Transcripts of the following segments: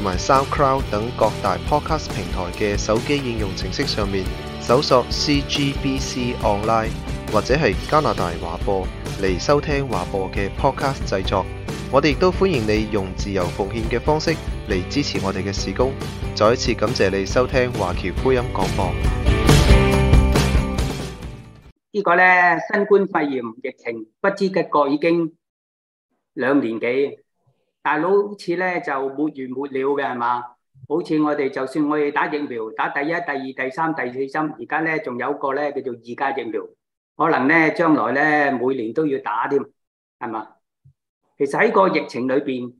同埋 SoundCloud 等各大 Podcast 平台嘅手機應用程式上面搜索 CGBC Online 或者係加拿大華播嚟收聽華播嘅 Podcast 製作，我哋亦都歡迎你用自由奉獻嘅方式嚟支持我哋嘅事工。再一次感謝你收聽華僑福音廣播。個呢個咧，新冠肺炎疫情不知不覺已經兩年幾。大佬好似咧就沒完沒了嘅係嘛？好似我哋就算我哋打疫苗，打第一、第二、第三、第四針，而家咧仲有個咧叫做二價疫苗，可能咧將來咧每年都要打添，係嘛？其實喺個疫情裏邊，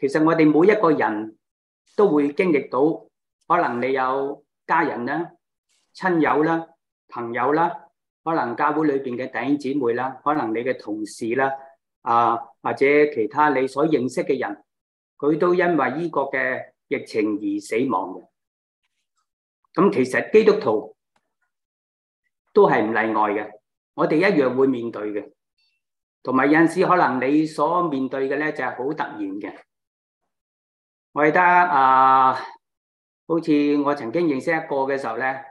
其實我哋每一個人都會經歷到，可能你有家人啦、親友啦、朋友啦，可能教會裏邊嘅弟兄姊妹啦，可能你嘅同事啦，啊～或者其他你所認識嘅人，佢都因為呢個嘅疫情而死亡嘅。咁其實基督徒都係唔例外嘅，我哋一樣會面對嘅。同埋有陣時可能你所面對嘅咧就係好突然嘅。我記得啊，好似我曾經認識一個嘅時候咧，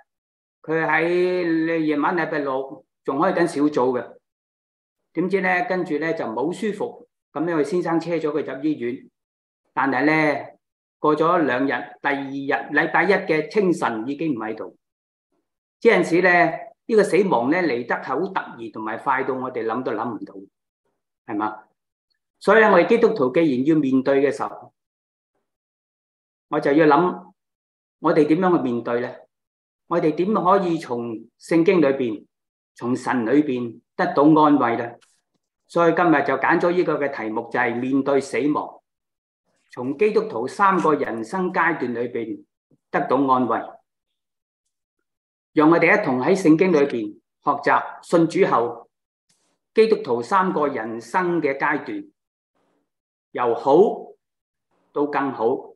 佢喺夜晚禮拜六仲可以跟小組嘅。點知咧，跟住咧就冇舒服，咁樣佢先生車咗佢入醫院，但係咧過咗兩日，第二日禮拜一嘅清晨已經唔喺度。這時呢陣時咧，呢、這個死亡咧嚟得係好突然同埋快到我哋諗都諗唔到，係嘛？所以咧，我哋基督徒既然要面對嘅時候，我就要諗我哋點樣去面對咧？我哋點可以從聖經裏邊？從神裏邊得到安慰啦，所以今日就揀咗呢個嘅題目，就係面對死亡，從基督徒三個人生階段裏邊得到安慰，讓我哋一同喺聖經裏邊學習信主後基督徒三個人生嘅階段，由好到更好，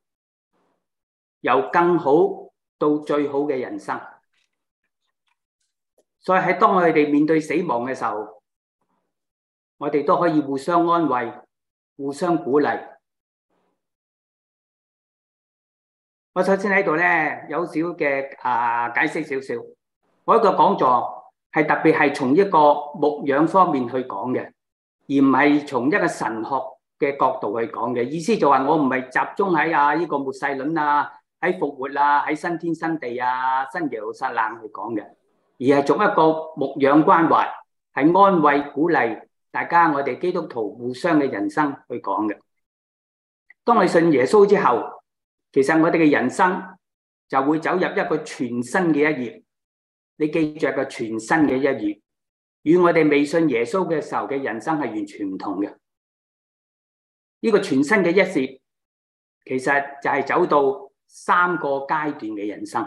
由更好到最好嘅人生。所以喺當我哋面對死亡嘅時候，我哋都可以互相安慰、互相鼓勵。我首先喺度咧有少嘅啊解釋少少。我一個講座係特別係從一個牧養方面去講嘅，而唔係從一個神學嘅角度去講嘅。意思就話我唔係集中喺啊呢個末世論啊、喺復活啊、喺新天新地啊、新耶路撒冷去講嘅。而係做一個牧養關懷，係安慰鼓勵大家，我哋基督徒互相嘅人生去講嘅。當你信耶穌之後，其實我哋嘅人生就會走入一個全新嘅一頁。你記著個全新嘅一頁，與我哋未信耶穌嘅時候嘅人生係完全唔同嘅。呢個全新嘅一頁，其實就係走到三個階段嘅人生。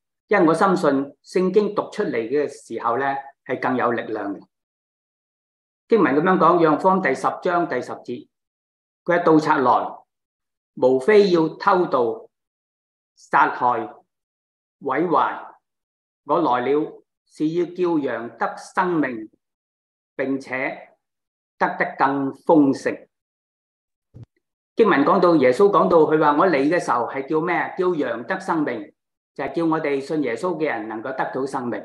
因為我深信聖經讀出嚟嘅時候咧，係更有力量嘅。經文咁樣講，約翰福音第十章第十節，佢話盜賊來，無非要偷盜、殺害、毀壞。我來了，是要叫羊得生命，並且得得更豐盛。經文講到耶穌講到，佢話我嚟嘅時候係叫咩？叫羊得生命。就係叫我哋信耶穌嘅人能夠得到生命，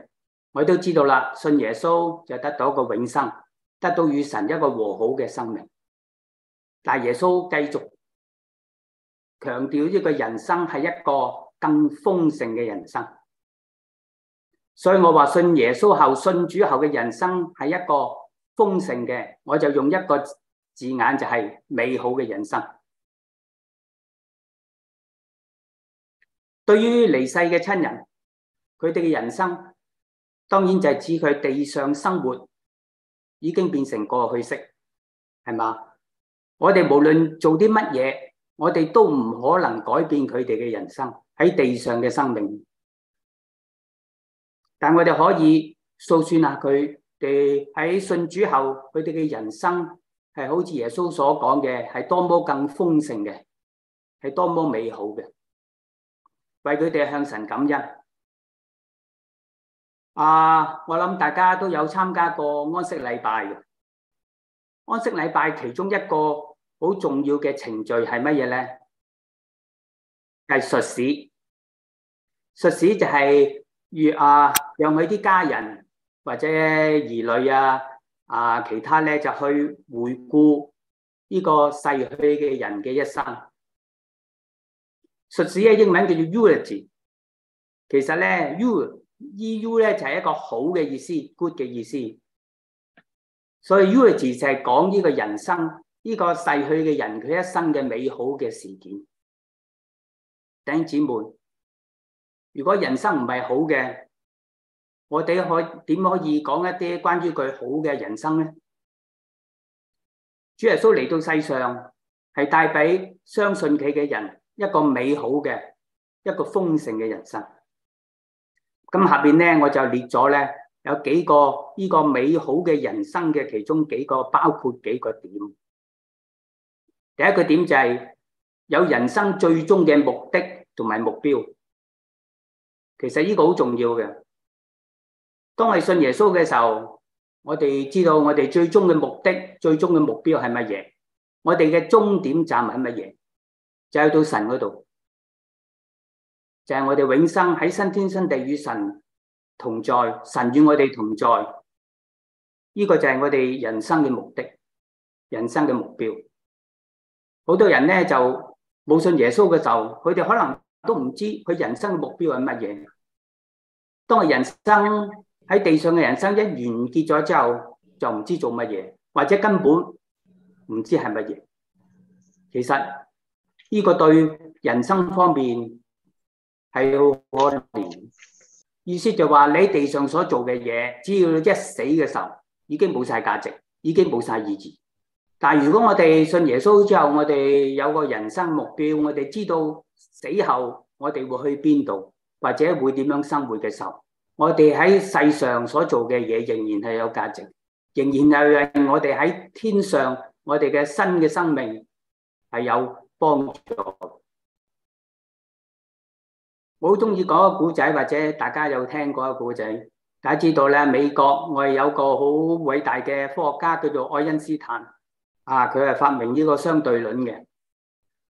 我都知道啦。信耶穌就得到一個永生，得到與神一個和好嘅生命。但係耶穌繼續強調呢個人生係一個更豐盛嘅人生，所以我話信耶穌後信主後嘅人生係一個豐盛嘅，我就用一個字眼就係美好嘅人生。對於離世嘅親人，佢哋嘅人生，當然就係指佢地上生活已經變成過去式，係嘛？我哋無論做啲乜嘢，我哋都唔可能改變佢哋嘅人生喺地上嘅生命。但我哋可以數算下佢哋喺信主後，佢哋嘅人生係好似耶穌所講嘅，係多麼更豐盛嘅，係多麼美好嘅。為佢哋向神感恩。啊，我諗大家都有參加過安息禮拜嘅。安息禮拜其中一個好重要嘅程序係乜嘢咧？係述史。述史就係如啊，讓佢啲家人或者兒女啊啊，其他咧就去回顧呢個逝去嘅人嘅一生。實質嘅英文叫做 eulogy 其實咧 e e u 咧就係一個好嘅意思，good 嘅意思。所以 eulogy 就係講呢個人生呢，呢個逝去嘅人佢一生嘅美好嘅事件。弟姊妹，如果人生唔係好嘅，我哋可點可以講一啲關於佢好嘅人生咧？主耶穌嚟到世上係帶俾相信佢嘅人。一個美好嘅一個豐盛嘅人生，咁下邊咧我就列咗咧有幾個呢個美好嘅人生嘅其中幾個包括幾個點。第一個點就係有人生最終嘅目的同埋目標，其實呢個好重要嘅。當我哋信耶穌嘅時候，我哋知道我哋最終嘅目的、最終嘅目標係乜嘢，我哋嘅終點站係乜嘢。就去到神嗰度，就係我哋永生喺新天新地與神同在，神與我哋同在，呢個就係我哋人生嘅目的，人生嘅目標。好多人咧就冇信耶穌嘅時候，佢哋可能都唔知佢人生嘅目標係乜嘢。當人生喺地上嘅人生一完結咗之後，就唔知做乜嘢，或者根本唔知係乜嘢。其實。呢個對人生方面係可憐，意思就話你喺地上所做嘅嘢，只要一死嘅時候，已經冇晒價值，已經冇晒意義。但係如果我哋信耶穌之後，我哋有個人生目標，我哋知道死後我哋會去邊度，或者會點樣生活嘅時候，我哋喺世上所做嘅嘢，仍然係有價值，仍然係我哋喺天上我哋嘅新嘅生命係有。幫助，我好中意講個古仔，或者大家有聽過個古仔，大家知道啦。美國我係有個好偉大嘅科學家叫做愛因斯坦，啊，佢係發明呢個相對論嘅。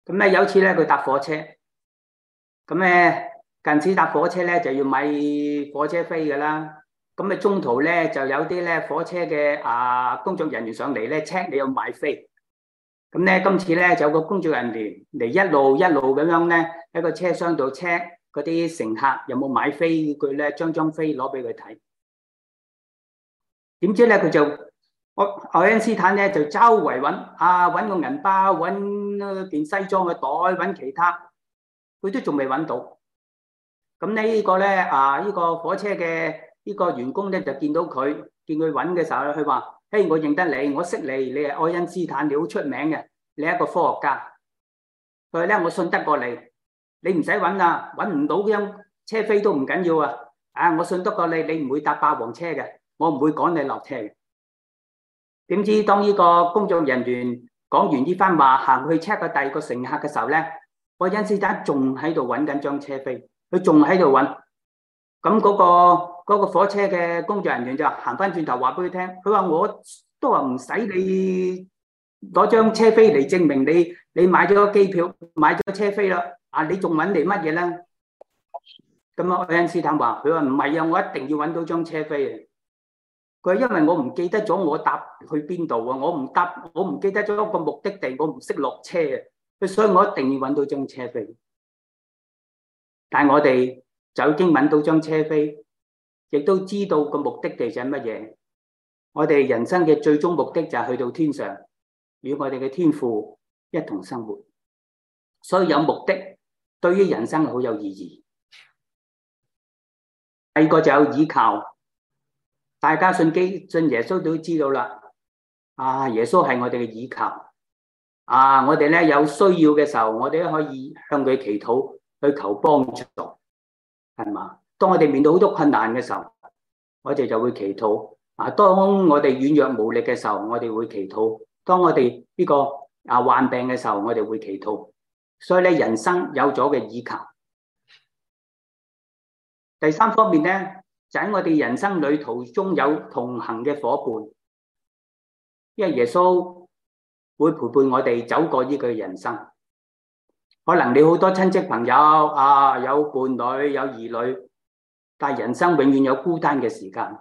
咁咧有次咧佢搭火車，咁咧近似搭火車咧就要買火車飛噶啦。咁咪中途咧就有啲咧火車嘅啊工作人員上嚟咧，請你要買飛。咁咧，今次咧就有個工作人員嚟一路一路咁樣咧，喺個車廂度 check 嗰啲乘客有冇買飛，佢咧，張張飛攞俾佢睇。點知咧，佢就愛愛因斯坦咧就周圍揾啊，揾個銀包，揾件西裝嘅袋，揾其他，佢都仲未揾到。咁呢個咧啊，呢個火車嘅呢個員工咧就見到佢，見佢揾嘅時候咧，佢話。嘿，我認得你，我識你，你係愛因斯坦，你好出名嘅，你係一個科學家。佢話咧，我信得過你，你唔使揾啦，揾唔到張車飛都唔緊要啊。啊，我信得過你，你唔會搭霸王車嘅，我唔會趕你落車嘅。點知當呢個工作人員講完呢番話，行去 check 個第二個乘客嘅時候咧，愛因斯坦仲喺度揾緊張車飛，佢仲喺度揾。咁嗰個。嗰個火車嘅工作人員就話行翻轉頭，話俾佢聽，佢話我都話唔使你攞張車飛嚟證明你你買咗個機票買咗個車飛啦，啊你仲揾嚟乜嘢咧？咁啊愛因斯坦話：佢話唔係啊，我一定要揾到張車飛。佢話因為我唔記得咗我搭去邊度啊，我唔搭我唔記得咗個目的地，我唔識落車啊，佢所以我一定要揾到張車飛。但係我哋就已經揾到張車飛。亦都知道個目的地係喺乜嘢？我哋人生嘅最終目的就係去到天上，與我哋嘅天父一同生活。所以有目的對於人生好有意義。第二個就有依靠，大家信基督信耶穌都知道啦。啊，耶穌係我哋嘅依靠。啊，我哋呢有需要嘅時候，我哋都可以向佢祈禱，去求幫助，係嘛？當我哋面對好多困難嘅時候，我哋就會祈禱啊，當我哋軟弱無力嘅時候，我哋會祈禱。當我哋呢、這個啊患病嘅時候，我哋會祈禱。所以咧，人生有咗嘅依靠。第三方面咧，就喺我哋人生旅途中有同行嘅伙伴，因為耶穌會陪伴我哋走過呢個人生。可能你好多親戚朋友啊，有伴侶，有兒女。但人生永遠有孤單嘅時間，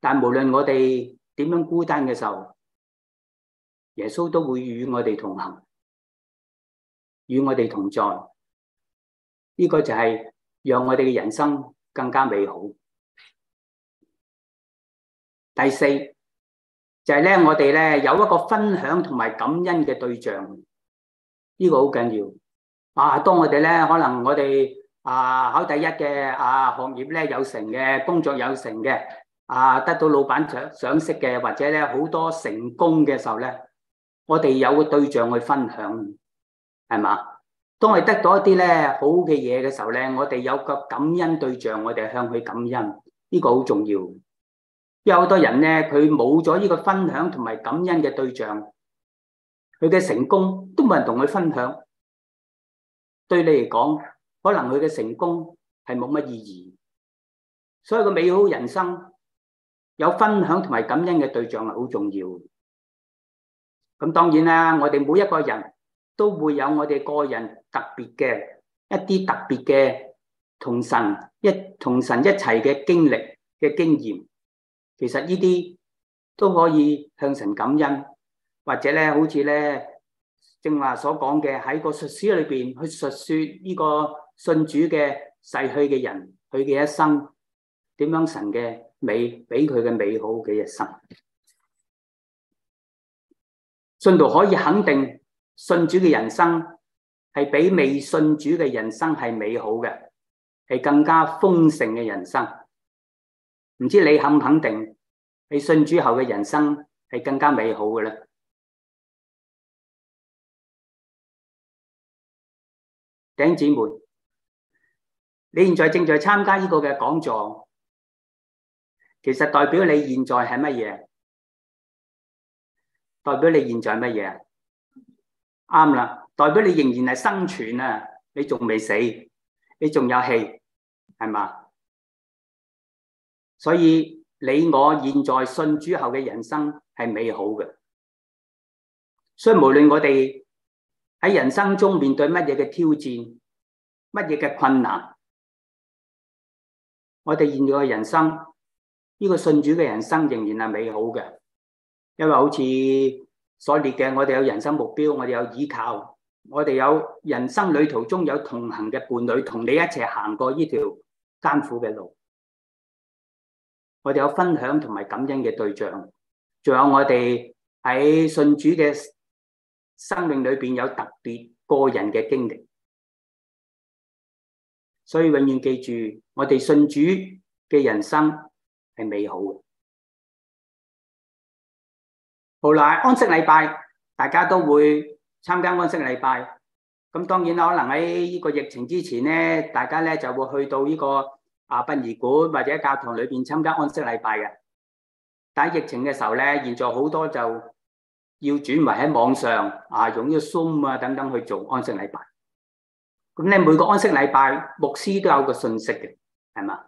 但無論我哋點樣孤單嘅時候，耶穌都會與我哋同行，與我哋同在。呢個就係讓我哋嘅人生更加美好。第四就係咧，我哋咧有一個分享同埋感恩嘅對象，呢個好緊要。啊，當我哋咧可能我哋。啊，考第一嘅啊，行業咧有成嘅工作有成嘅，啊，得到老闆上賞識嘅，或者咧好多成功嘅時候咧，我哋有個對象去分享，係嘛？當我哋得到一啲咧好嘅嘢嘅時候咧，我哋有個感恩對象，我哋向佢感恩，呢、這個好重要。有好多人咧，佢冇咗呢個分享同埋感恩嘅對象，佢嘅成功都冇人同佢分享。對你嚟講，可能佢嘅成功係冇乜意義，所以個美好人生有分享同埋感恩嘅對象係好重要。咁當然啦，我哋每一個人都會有我哋個人特別嘅一啲特別嘅同神一同神一齊嘅經歷嘅經驗，其實呢啲都可以向神感恩，或者咧好似咧正話所講嘅喺個述說裏邊去述說呢個。信主嘅逝去嘅人，佢嘅一生點樣？神的美？神嘅美俾佢嘅美好嘅一生，信徒可以肯定，信主嘅人生係比未信主嘅人生係美好嘅，係更加豐盛嘅人生。唔知你肯唔肯定？你信主後嘅人生係更加美好嘅啦，弟兄姊妹。你現在正在參加呢個嘅講座，其實代表你現在係乜嘢？代表你現在係乜嘢啊？啱啦，代表你仍然係生存啊！你仲未死，你仲有氣係嘛？所以你我現在信主後嘅人生係美好嘅。所以無論我哋喺人生中面對乜嘢嘅挑戰，乜嘢嘅困難。我哋現在嘅人生，呢、這個信主嘅人生仍然係美好嘅，因為好似所列嘅，我哋有人生目標，我哋有依靠，我哋有人生旅途中有同行嘅伴侶，同你一齊行過呢條艱苦嘅路，我哋有分享同埋感恩嘅對象，仲有我哋喺信主嘅生命裏邊有特別個人嘅經歷，所以永遠記住。我哋信主嘅人生係美好嘅。好啦，安息禮拜大家都會參加安息禮拜。咁當然啦，可能喺呢個疫情之前咧，大家咧就會去到呢個啊殯儀館或者教堂裏邊參加安息禮拜嘅。但係疫情嘅時候咧，現在好多就要轉為喺網上啊，用呢個 Zoom 啊等等去做安息禮拜。咁咧，每個安息禮拜牧師都有個信息嘅。係嘛？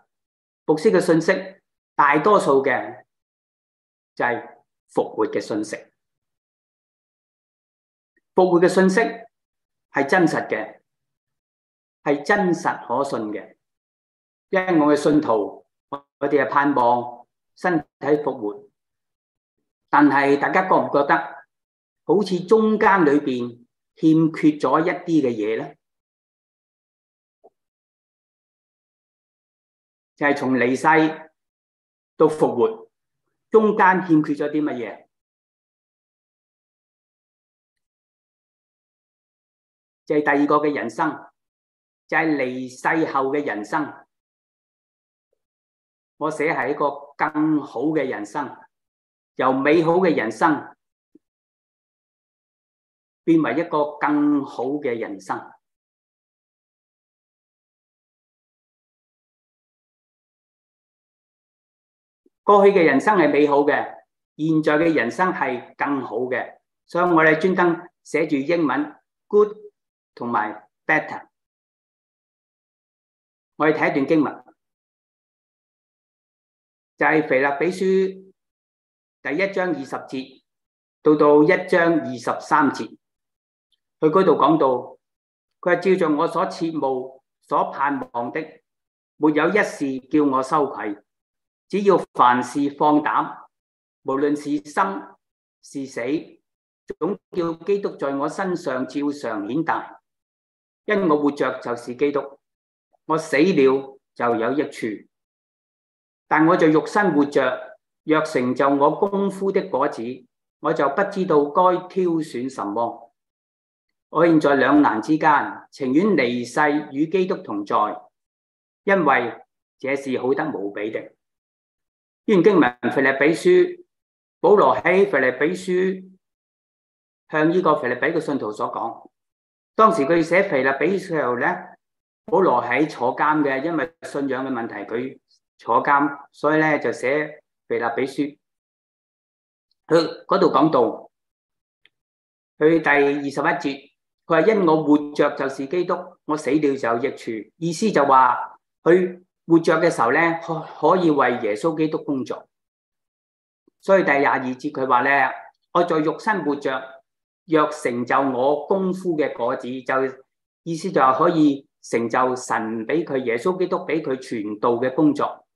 復甦嘅信息，大多數嘅就係復活嘅信息。復活嘅信息係真實嘅，係真實可信嘅。因為我嘅信徒，我哋係盼望身體復活，但係大家覺唔覺得，好似中間裏面欠缺咗一啲嘅嘢咧？就係從離世到復活，中間欠缺咗啲乜嘢？就係第二個嘅人生，就係離世後嘅人生。我寫係一個更好嘅人生，由美好嘅人生變為一個更好嘅人生。過去嘅人生係美好嘅，現在嘅人生係更好嘅，所以我哋專登寫住英文 Good 同埋 Better。我哋睇一段經文，就係《腓立比書》第一章二十節到到一章二十三節，去嗰度講到，佢係照著我所切慕、所盼望的，沒有一事叫我羞愧。只要凡事放膽，無論是生是死，總叫基督在我身上照常顯大。因我活着就是基督，我死了就有益處。但我就肉身活着，若成就我功夫的果子，我就不知道該挑選什麼。我現在兩難之間，情願離世與基督同在，因為這是好得無比的。《以經文腓立比書》，保羅喺腓立比書向呢個腓立比嘅信徒所講。當時佢寫腓立比時候咧，保羅喺坐監嘅，因為信仰嘅問題佢坐監，所以咧就寫腓立比書。佢佢嗰度講到，去第二十一節，佢話：因我活着就是基督，我死了就有益處。意思就話佢。活着嘅時候咧，可可以為耶穌基督工作。所以第廿二節佢話咧，我在肉身活着，若成就我功夫嘅果子，就意思就係可以成就神俾佢耶穌基督俾佢傳道嘅工作。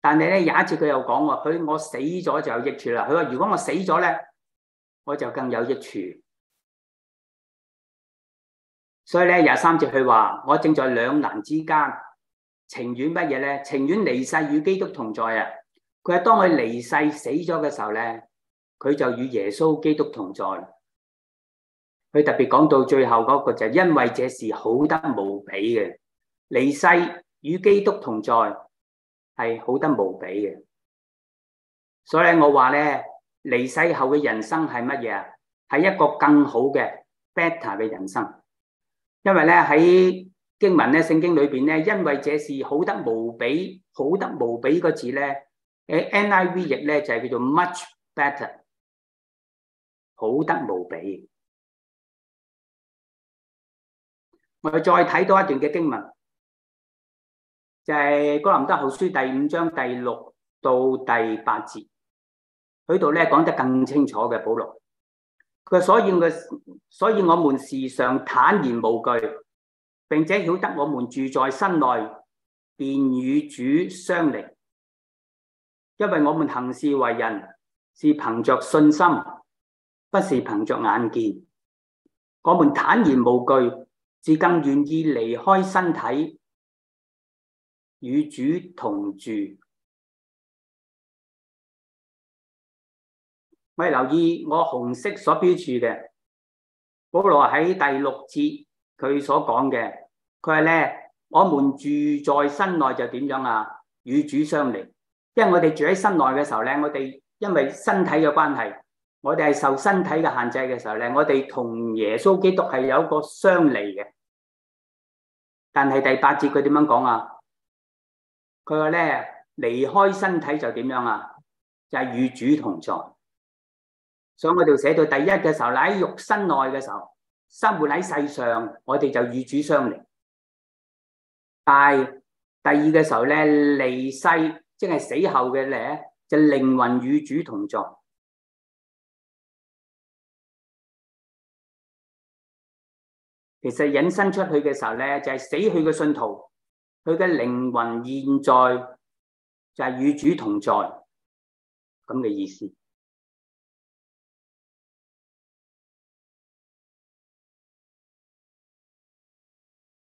但係咧廿一節佢又講話，佢我死咗就有益處啦。佢話如果我死咗咧，我就更有益處。所以咧廿三節佢話，我正在兩難之間，情願乜嘢咧？情願離世與基督同在啊！佢係當佢離世死咗嘅時候咧，佢就與耶穌基督同在。佢特別講到最後嗰個就係因為這事好得無比嘅，離世與基督同在係好得無比嘅。所以我話咧，離世後嘅人生係乜嘢啊？係一個更好嘅 better 嘅人生。因為咧喺經文咧聖經裏邊咧，因為這是好得無比好得無比個字咧，誒 NIV 譯咧就係叫做 much better，好得無比。我哋再睇多一段嘅經文，就係哥林多後書第五章第六到第八節，佢度咧講得更清楚嘅保羅。佢，所以所以我們時常坦然無懼，並且曉得我們住在身內，便與主相離。因為我們行事為人，是憑着信心，不是憑着眼見。我們坦然無懼，是更願意離開身體，與主同住。我你留意我紅色所標注嘅，保羅喺第六節佢所講嘅，佢話咧，我們住在身內就點樣啊？與主相離，因為我哋住喺身內嘅時候咧，我哋因為身體嘅關係，我哋係受身體嘅限制嘅時候咧，我哋同耶穌基督係有一個相離嘅。但係第八節佢點樣講啊？佢話咧，離開身體就點樣啊？就係、是、與主同在。所以我哋寫到第一嘅時候，喺肉身內嘅時候，生活喺世上，我哋就與主相離；但係第二嘅時候咧，離世即係死後嘅咧，就靈魂與主同在。其實引申出去嘅時候咧，就係死去嘅信徒，佢嘅靈魂現在就係與主同在，咁嘅意思。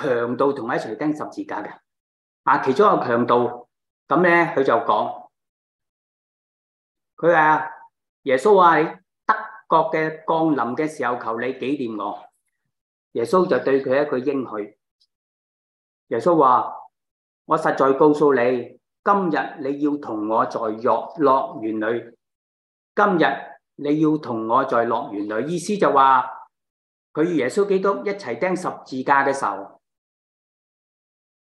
強盜同佢一齊釘十字架嘅，啊，其中一個強盜咁咧，佢就講，佢話耶穌話：得國嘅降臨嘅時候，求你紀念我。耶穌就對佢一句應許，耶穌話：我實在告訴你，今日你要同我在若樂園裏，今日你要同我在樂園裏。意思就話佢與耶穌基督一齊釘十字架嘅時候。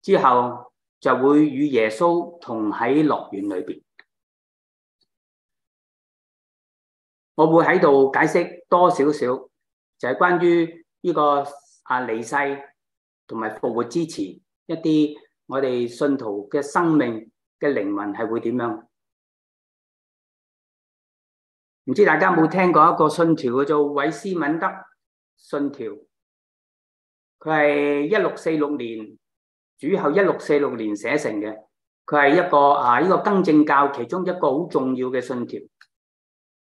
之後就會與耶穌同喺樂園裏邊。我會喺度解釋多少少，就係關於呢個阿離世同埋復活之前一啲我哋信徒嘅生命嘅靈魂係會點樣？唔知大家有冇聽過一個信條叫做韋斯敏德信條？佢係一六四六年。主後一六四六年寫成嘅，佢係一個啊呢個更正教其中一個好重要嘅信條。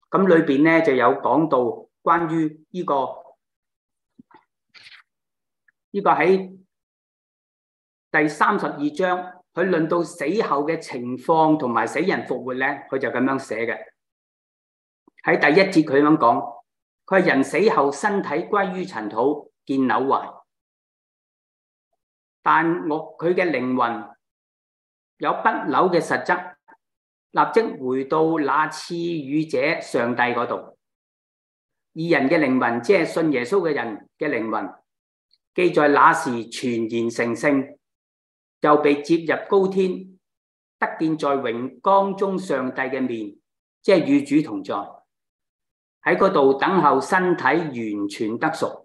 咁裏邊呢就有講到關於呢個呢個喺第三十二章，佢論到死後嘅情況同埋死人復活呢，佢就咁樣寫嘅。喺第一節佢咁樣講，佢係人死後身體歸於塵土建，見朽壞但我佢嘅靈魂有不朽嘅實質，立即回到那賜予者上帝嗰度。二人嘅靈魂，即係信耶穌嘅人嘅靈魂，既在那時全然成聖，又被接入高天，得見在榮光中上帝嘅面，即係與主同在，喺嗰度等候身體完全得贖。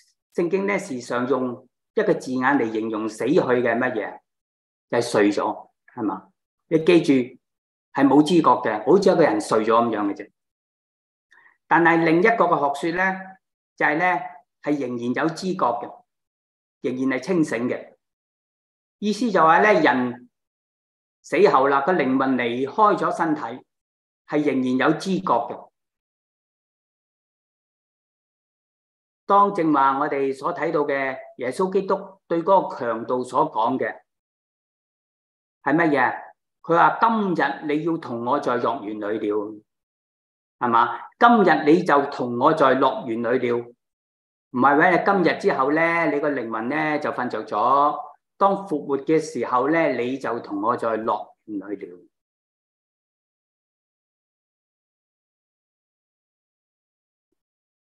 聖經咧，時常用一個字眼嚟形容死去嘅乜嘢，就係睡咗，係嘛？你記住係冇知覺嘅，好似一個人睡咗咁樣嘅啫。但係另一個嘅學說咧，就係咧係仍然有知覺嘅，仍然係清醒嘅。意思就係咧，人死後啦，個靈魂離開咗身體，係仍然有知覺嘅。當正話我哋所睇到嘅耶穌基督對嗰個強盜所講嘅係乜嘢？佢話，今日你要同我在樂園裏了，係嘛？今日你就同我在樂園裏了，唔係喂？你今日之後咧，你個靈魂咧就瞓着咗。當復活嘅時候咧，你就同我在樂園裏了。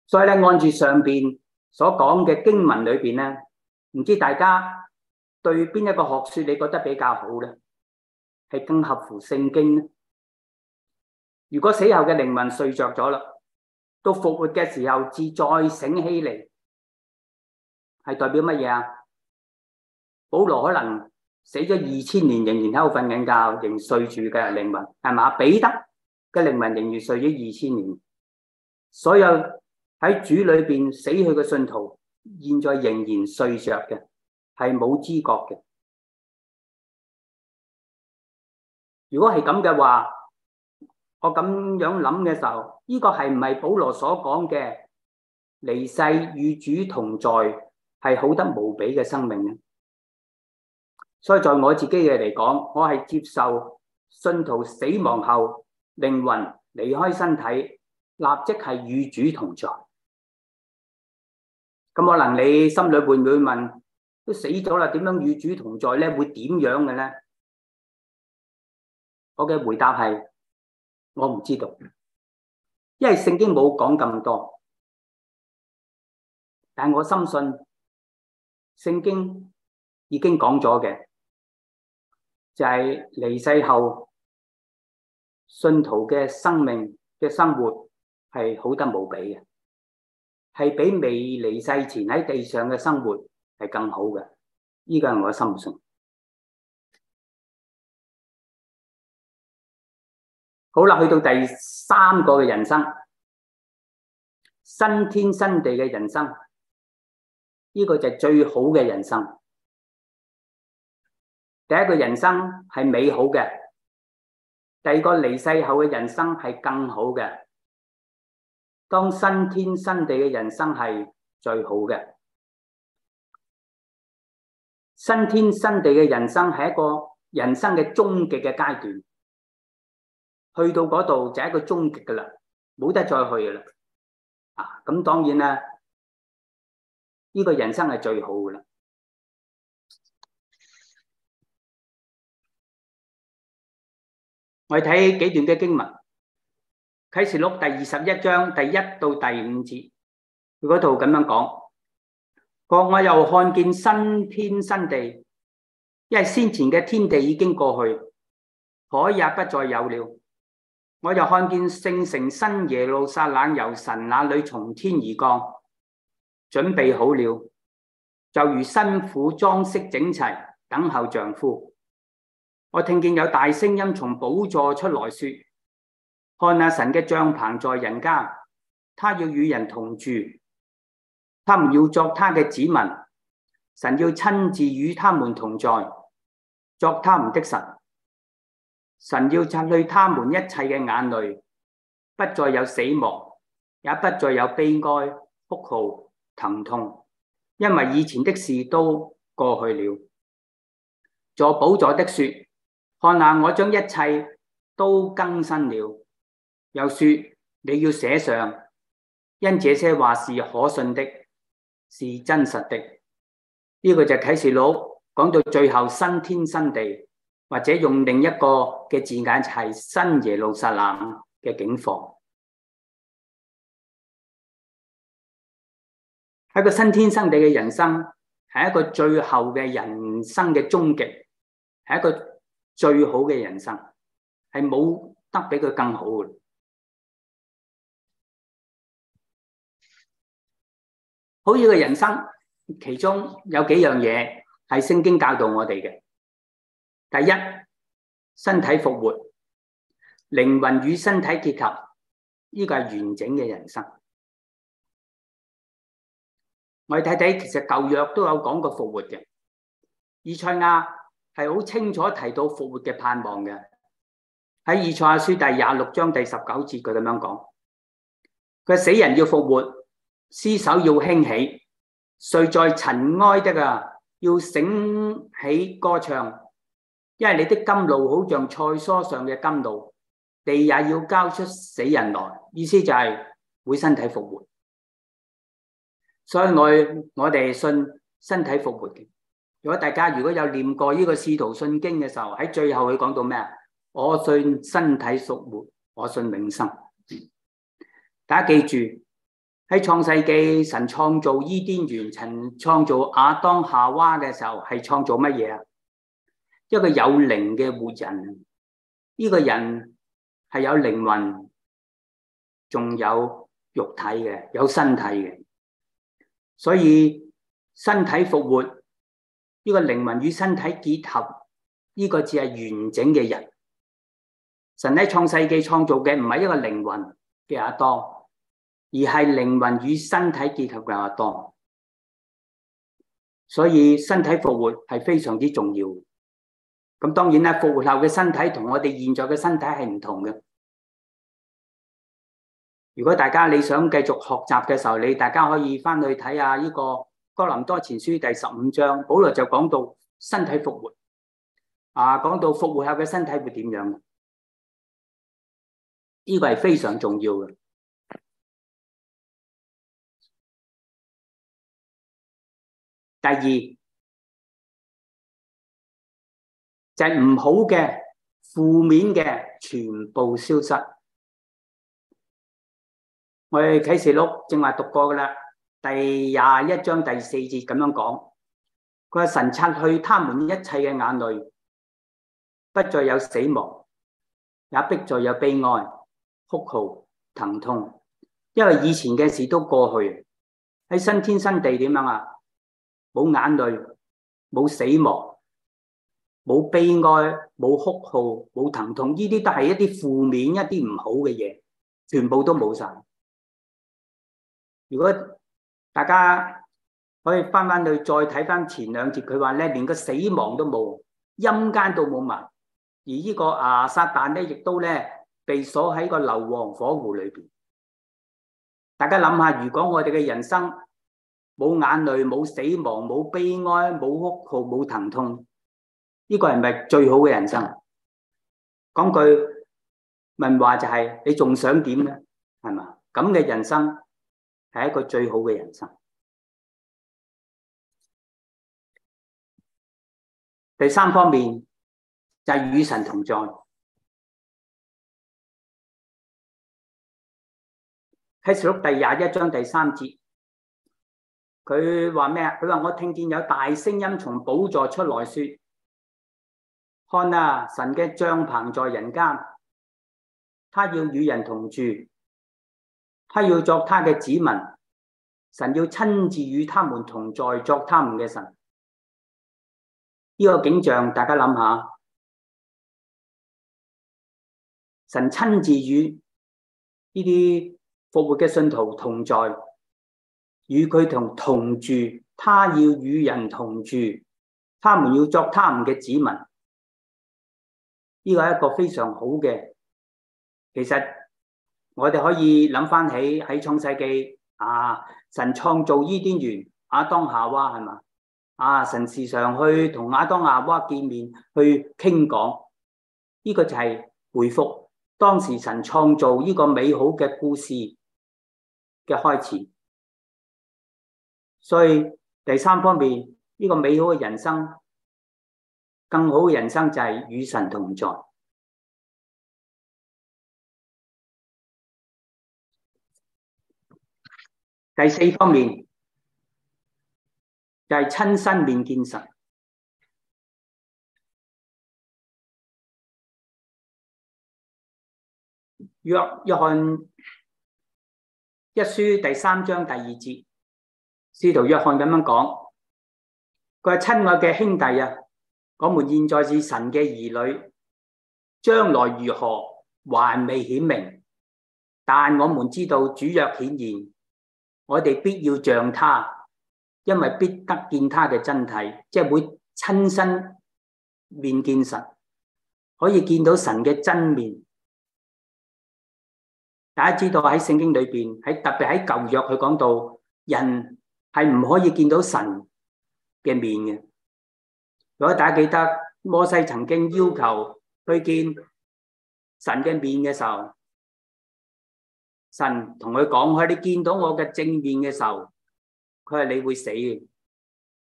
所以咧，按住上邊所講嘅經文裏邊咧，唔知大家對邊一個學說你覺得比較好咧，係更合乎聖經咧？如果死後嘅靈魂睡着咗啦，到復活嘅時候至再醒起嚟，係代表乜嘢啊？保羅可能死咗二千年仍然喺度瞓緊覺，仍睡住嘅靈魂係嘛？彼得嘅靈魂仍然睡咗二千年，所以。喺主裏邊死去嘅信徒，現在仍然睡着嘅，係冇知覺嘅。如果係咁嘅話，我咁樣諗嘅時候，呢個係唔係保羅所講嘅離世與主同在，係好得無比嘅生命呢？所以在我自己嘅嚟講，我係接受信徒死亡後，靈魂離開身體，立即係與主同在。咁可能你心裏會唔會問：都死咗啦，點樣與主同在咧？會點樣嘅咧？我嘅回答係：我唔知道，因為聖經冇講咁多。但我深信聖經已經講咗嘅，就係離世後信徒嘅生命嘅生活係好得無比嘅。係比未離世前喺地上嘅生活係更好嘅，呢個係我嘅心聲。好啦，去到第三個嘅人生，新天新地嘅人生，呢、呢個就係最好嘅人生。第一個人生係美好嘅，第二個離世後嘅人生係更好嘅。當新天新地嘅人生係最好嘅，新天新地嘅人生係一個人生嘅終極嘅階段，去到嗰度就係一個終極噶啦，冇得再去噶啦。啊，咁當然啦，呢個人生係最好噶啦。我哋睇幾段嘅經文。啟示錄第二十一章第一到第五節，佢嗰度咁樣講：我又看見新天新地，因為先前嘅天地已經過去，海也不再有了。我又看見聖城新耶路撒冷由神那裏從天而降，準備好了，就如新婦裝飾整齊，等候丈夫。我聽見有大聲音從寶座出來說。看啊！神嘅帳棚在人間，他要與人同住，他們要作他嘅子民，神要親自與他們同在，作他們的神。神要擦去他們一切嘅眼淚，不再有死亡，也不再有悲哀、哭號、疼痛，因為以前的事都過去了。坐寶座的說：看啊！我將一切都更新了。又說你要寫上，因這些話是可信的，是真實的。呢、這個就是啟示錄講到最後新天新地，或者用另一個嘅字眼就係、是、新耶路撒冷嘅景況。一、這個新天新地嘅人生，係一個最後嘅人生嘅終極，係一個最好嘅人生，係冇得比佢更好。好似嘅人生，其中有幾樣嘢係聖經教導我哋嘅。第一，身體復活，靈魂與身體結合，呢個係完整嘅人生。我哋睇睇，其實舊約都有講過復活嘅。以賽亞係好清楚提到復活嘅盼望嘅。喺以賽亞書第廿六章第十九節，佢咁樣講：佢死人要復活。屍首要興起，睡在塵埃的啊，要醒起歌唱，因為你的甘露好像菜蔬上嘅甘露，地也要交出死人來，意思就係會身體復活。所以我我哋信身體復活嘅。如果大家如果有念過呢個《使徒信經》嘅時候，喺最後佢講到咩啊？我信身體復活，我信永生。大家記住。喺創世紀，神創造伊甸園，神創造亞當夏娃嘅時候，係創造乜嘢啊？一個有靈嘅活人，呢個人係有靈魂，仲有肉體嘅，有身體嘅。所以身體復活，呢個靈魂與身體結合，呢個只係完整嘅人。神喺創世紀創造嘅唔係一個靈魂嘅亞當。而係靈魂與身體結合嘅多，所以身體復活係非常之重要嘅。咁當然咧，復活後嘅身體同我哋現在嘅身體係唔同嘅。如果大家你想繼續學習嘅時候，你大家可以翻去睇下呢、這個《哥林多前書》第十五章，保羅就講到身體復活，啊，講到復活後嘅身體會點樣？呢、這個係非常重要嘅。第二就係、是、唔好嘅負面嘅全部消失。我哋啟示錄正話讀過噶啦，第廿一章第四節咁樣講。佢話神擦去他們一切嘅眼淚，不再有死亡，也不再有悲哀、哭嚎、疼痛，因為以前嘅事都過去。喺新天新地點樣啊？冇眼淚，冇死亡，冇悲哀，冇哭號，冇疼痛，呢啲都係一啲負面、一啲唔好嘅嘢，全部都冇晒。如果大家可以翻翻去再睇翻前兩節，佢話咧，連個死亡都冇，陰間都冇埋，而呢個啊撒旦咧，亦都咧被鎖喺個硫磺火湖裏邊。大家諗下，如果我哋嘅人生，冇眼淚，冇死亡，冇悲哀，冇哭號，冇疼痛，呢個係咪最好嘅人生？講句文話就係你仲想點咧？係嘛？咁嘅人生係一個最好嘅人生。第三方面就係與神同在，喺啟示錄第廿一章第三節。佢話咩啊？佢話我聽見有大聲音從寶座出來說：看啊，神嘅帳篷在人間，他要與人同住，他要作他嘅子民，神要親自與他們同在，作他們嘅神。呢、這個景象，大家諗下，神親自與呢啲復活嘅信徒同在。與佢同同住，他要與人同住，他們要作他們嘅子民。呢個係一個非常好嘅。其實我哋可以諗翻起喺創世紀啊，神創造伊甸園，亞當夏娃係嘛啊？神時常去同亞當夏娃見面去傾講，呢、這個就係回復當時神創造呢個美好嘅故事嘅開始。所以第三方面，呢、這個美好嘅人生，更好嘅人生就係與神同在。第四方面就係、是、親身面見神。約約翰一書第三章第二節。使徒約翰咁樣講：佢話，親愛嘅兄弟啊，我們現在是神嘅兒女，將來如何還未顯明，但我們知道主若顯現，我哋必要像他，因為必得見他嘅真體，即係會親身面見神，可以見到神嘅真面。大家知道喺聖經裏邊，喺特別喺舊約，他講，佢講到人係唔可以見到神嘅面嘅。如果大家記得，摩西曾經要求去見神嘅面嘅時候，神同佢講，佢，你見到我嘅正面嘅時候，佢係，你會死嘅。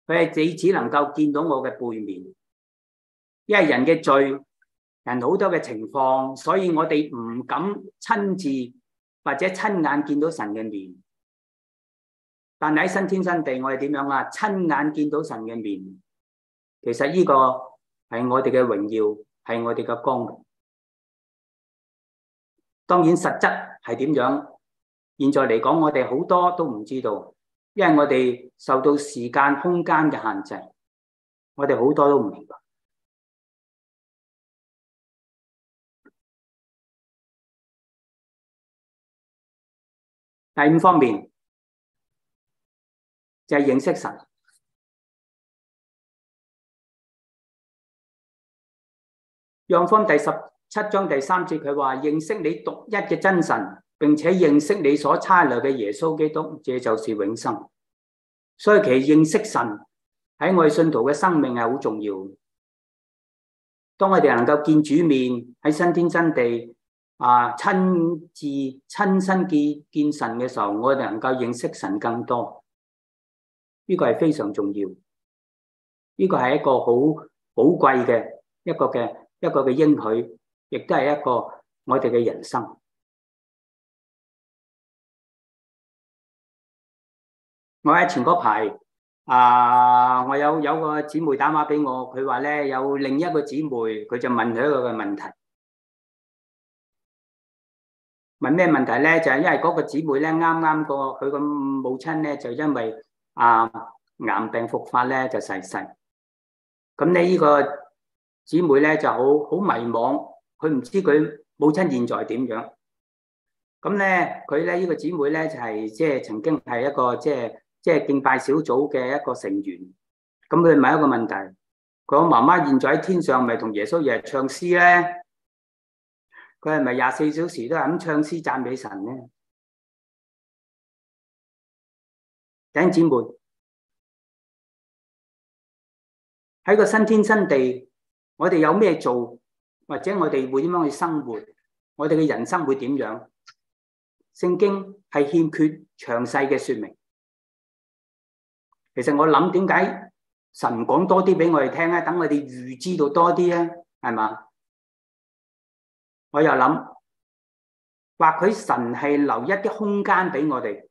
佢係，你只能夠見到我嘅背面，因為人嘅罪，人好多嘅情況，所以我哋唔敢親自或者親眼見到神嘅面。但喺新天新地，我哋點樣啊？親眼見到神嘅面，其實呢個係我哋嘅榮耀，係我哋嘅光榮。當然實質係點樣？現在嚟講，我哋好多都唔知道，因為我哋受到時間空間嘅限制，我哋好多都唔明白。第五方面。就係認識神。約翰福音第十七章第三節佢話：認識你獨一嘅真神，並且認識你所差來嘅耶穌基督，這就是永生。所以其認識神喺我哋信徒嘅生命係好重要的。當我哋能夠見主面喺新天新地啊，親自親身見見神嘅時候，我哋能夠認識神更多。呢個係非常重要，呢個係一個好寶貴嘅一個嘅一個嘅應許，亦都係一個我哋嘅人生。我喺前嗰排，啊，我有有個姊妹打電話俾我，佢話咧有另一個姊妹，佢就問佢一個問題，問咩問題咧？就係因為嗰個姊妹咧，啱啱個佢個母親咧，就因為，啊，癌病復發咧就逝世，咁咧呢個姊妹咧就好好迷惘，佢唔知佢母親現在點樣，咁咧佢咧呢，呢、這個姊妹咧就係即係曾經係一個即係即係敬拜小組嘅一個成員，咁佢問一個問題，佢話媽媽現在喺天上咪同耶穌爺唱詩咧，佢係咪廿四小時都係咁唱詩讚美神咧？等姐妹喺個新天新地，我哋有咩做，或者我哋會點樣去生活，我哋嘅人生會點樣？聖經係欠缺詳細嘅說明。其實我諗，點解神講多啲俾我哋聽咧？等我哋預知到多啲啊，係嘛？我又諗，話佢神係留一啲空間俾我哋。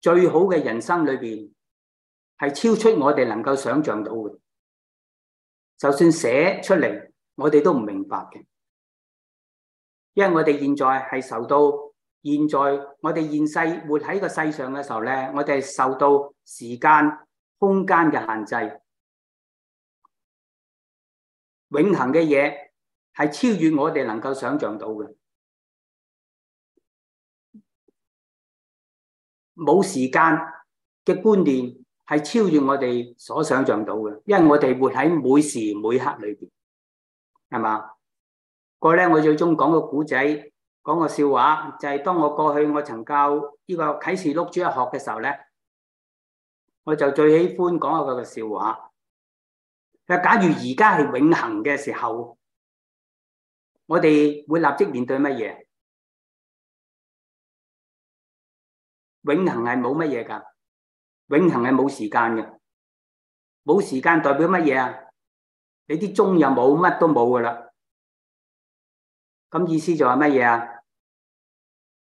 最好嘅人生裏邊係超出我哋能夠想象到嘅，就算寫出嚟，我哋都唔明白嘅，因為我哋現在係受到現在我哋現世活喺個世上嘅時候咧，我哋係受到時間空間嘅限制，永恆嘅嘢係超越我哋能夠想象到嘅。冇時間嘅觀念係超越我哋所想像到嘅，因為我哋活喺每時每刻裏邊，係嘛？個咧，我最終講個古仔，講個笑話，就係、是、當我過去我曾教呢個啟示錄主日學嘅時候咧，我就最喜歡講一個個笑話。就假如而家係永恆嘅時候，我哋會立即面對乜嘢？永恆係冇乜嘢噶，永恆係冇時間嘅，冇時間代表乜嘢啊？你啲鐘又冇，乜都冇噶啦。咁意思就係乜嘢啊？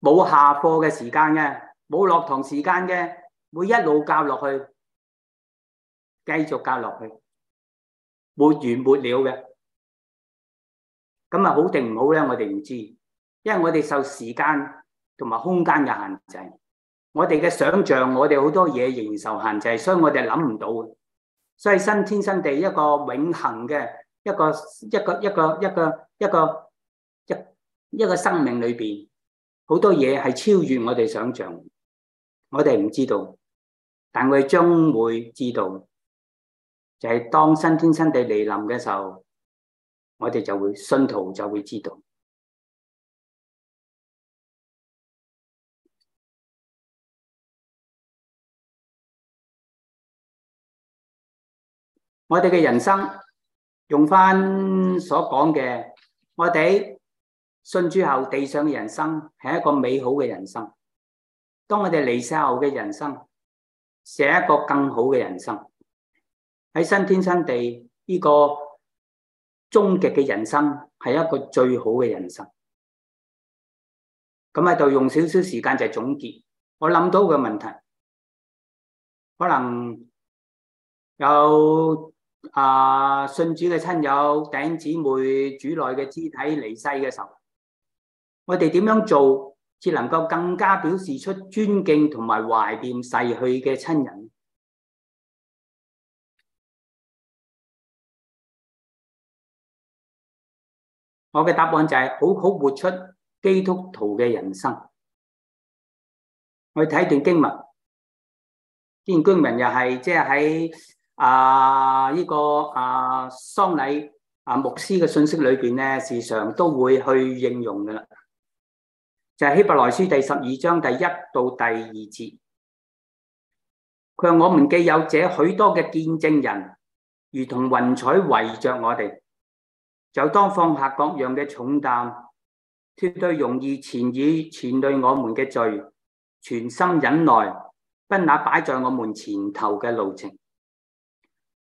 冇下課嘅時間嘅，冇落堂時間嘅，會一路教落去，繼續教落去，沒完沒了嘅。咁啊，好定唔好咧？我哋唔知，因為我哋受時間同埋空間嘅限制。我哋嘅想象我哋好多嘢，仍然受限制，所以我哋諗唔到。所以新天新地一個永恆嘅一個一個一個一個一個一個一,一個生命裏面，好多嘢係超越我哋想象，我哋唔知道，但我哋將會知道，就係、是、當新天新地嚟臨嘅時候，我哋就會信徒就會知道。我哋嘅人生用翻所講嘅，我哋信主後地上嘅人生係一個美好嘅人生。當我哋離世後嘅人生，係一個更好嘅人生。喺新天新地呢個終極嘅人生，係一個最好嘅人生。咁喺度用少少時間就係總結我諗到嘅問題，可能有。啊！信主嘅親友、弟兄姊妹、主內嘅肢體離世嘅時候，我哋點樣做，至能夠更加表示出尊敬同埋懷念逝去嘅親人？我嘅答案就係好好活出基督徒嘅人生。我哋睇段經文，呢段經文又係即係喺。啊！依、這個啊，喪禮啊，牧師嘅信息裏邊咧，時常都會去應用噶啦，就係希伯來書第十二章第一到第二節，佢話：我們既有這許多嘅見證人，如同雲彩圍着我哋，就當放下各樣嘅重擔，脫去容易纏以纏累我們嘅罪，全心忍耐，奔那擺在我們前頭嘅路程。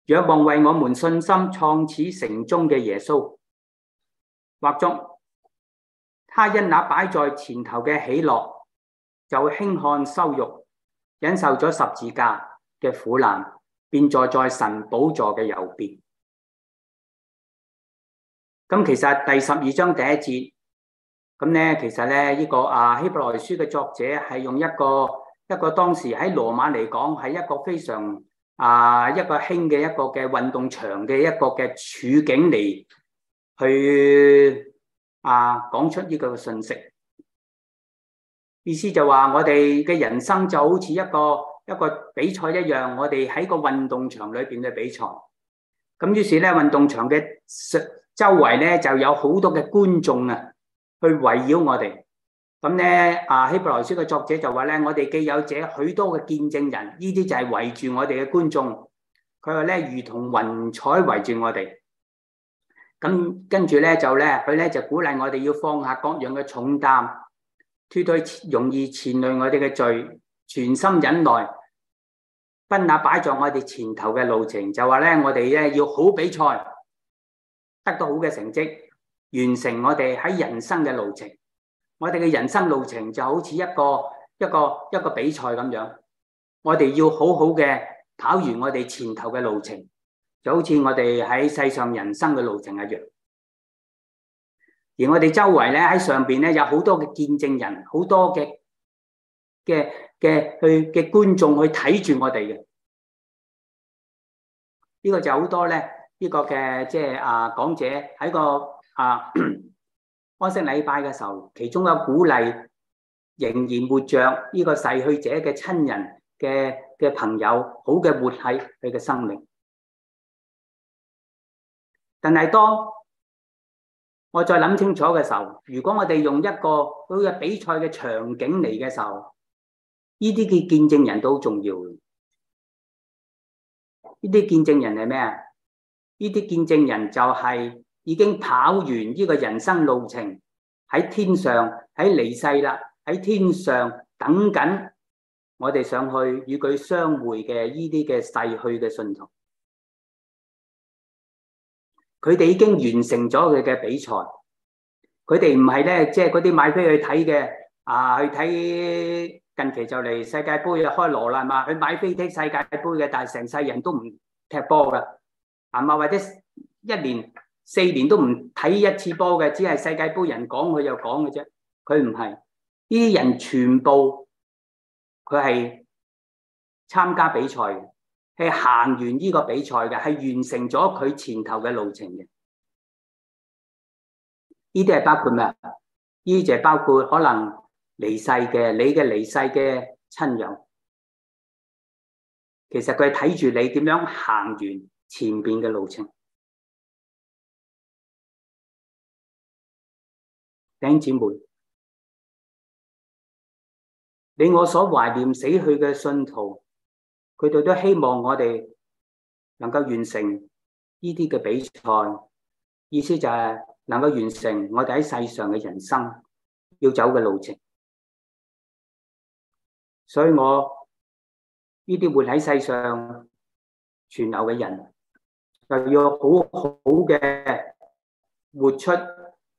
仰望為我們信心創始成終嘅耶穌，畫中，他因那擺在前頭嘅喜樂，就輕看羞辱，忍受咗十字架嘅苦難，便坐在神寶座嘅右邊。咁其實第十二章第一節，咁咧其實咧呢個啊希伯來書嘅作者係用一個一個當時喺羅馬嚟講係一個非常。啊，一個輕嘅一個嘅運動場嘅一個嘅處境嚟去啊，講出呢個訊息，意思就話我哋嘅人生就好似一個一個比賽一樣，我哋喺個運動場裏邊嘅比賽，咁於是咧運動場嘅周圍咧就有好多嘅觀眾啊，去圍繞我哋。咁咧，啊希伯來書嘅作者就話咧，我哋既有這許多嘅見證人，呢啲就係圍住我哋嘅觀眾。佢話咧，如同雲彩圍住我哋。咁跟住咧就咧，佢咧就鼓勵我哋要放下各樣嘅重擔，脫去容易纏累我哋嘅罪，全心忍耐，奔那擺在我哋前頭嘅路程。就話咧，我哋咧要好比賽，得到好嘅成績，完成我哋喺人生嘅路程。我哋嘅人生路程就好似一個一個一個比賽咁樣，我哋要好好嘅跑完我哋前頭嘅路程，就好似我哋喺世上人生嘅路程一樣。而我哋周圍咧喺上邊咧有好多嘅見證人，好多嘅嘅嘅去嘅觀眾去睇住我哋嘅。呢個就好多咧，呢個嘅即係啊講者喺個啊。安息禮拜嘅時候，其中有鼓勵仍然活著呢個逝去者嘅親人嘅嘅朋友，好嘅活喺佢嘅生命。但係當我再諗清楚嘅時候，如果我哋用一個好嘅比賽嘅場景嚟嘅時候，呢啲嘅見證人都好重要。呢啲見證人係咩啊？呢啲見證人就係、是。已經跑完呢個人生路程，喺天上喺離世啦，喺天上等緊我哋上去與佢相會嘅呢啲嘅逝去嘅信徒，佢哋已經完成咗佢嘅比賽，佢哋唔係咧，即係嗰啲買飛去睇嘅啊，去睇近期就嚟世界盃又開鑼啦，係嘛？去買飛踢世界盃嘅，但係成世人都唔踢波噶，係嘛？或者一年。四年都唔睇一次波嘅，只係世界杯人講佢就講嘅啫。佢唔係呢啲人，全部佢係參加比賽嘅，係行完呢個比賽嘅，係完成咗佢前頭嘅路程嘅。呢啲係包括咩？呢啲就包括可能離世嘅你嘅離世嘅親友，其實佢係睇住你點樣行完前邊嘅路程。弟兄姊妹，你我所懷念死去嘅信徒，佢哋都希望我哋能夠完成呢啲嘅比賽，意思就係能夠完成我哋喺世上嘅人生要走嘅路程。所以我呢啲活喺世上存留嘅人，就要好好嘅活出。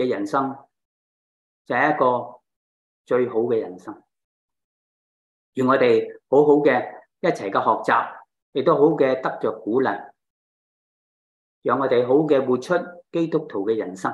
嘅人生就係一個最好嘅人生，願我哋好好嘅一齊嘅學習，亦都好嘅得着鼓勵，讓我哋好嘅活出基督徒嘅人生。